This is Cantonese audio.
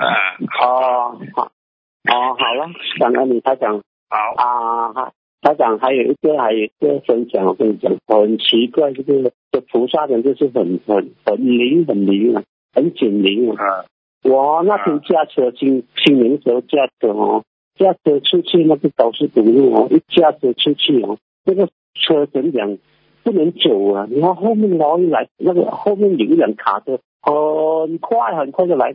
.誒、uh, 啊，好、啊、好，哦好啦，想跟你他講，好啊，他講還有一個一個分享，我跟你講，很奇怪，就是、這個這個、菩薩人就是很很很靈，很靈啊，很緊靈啊。Uh, uh, 我那天駕車清明時候駕車哦，駕車出去那個高速公路哦，一駕車出去哦，那個車點講不能走啊，你看後面冇一來，那個後面有一輛卡車，很快，很快就來。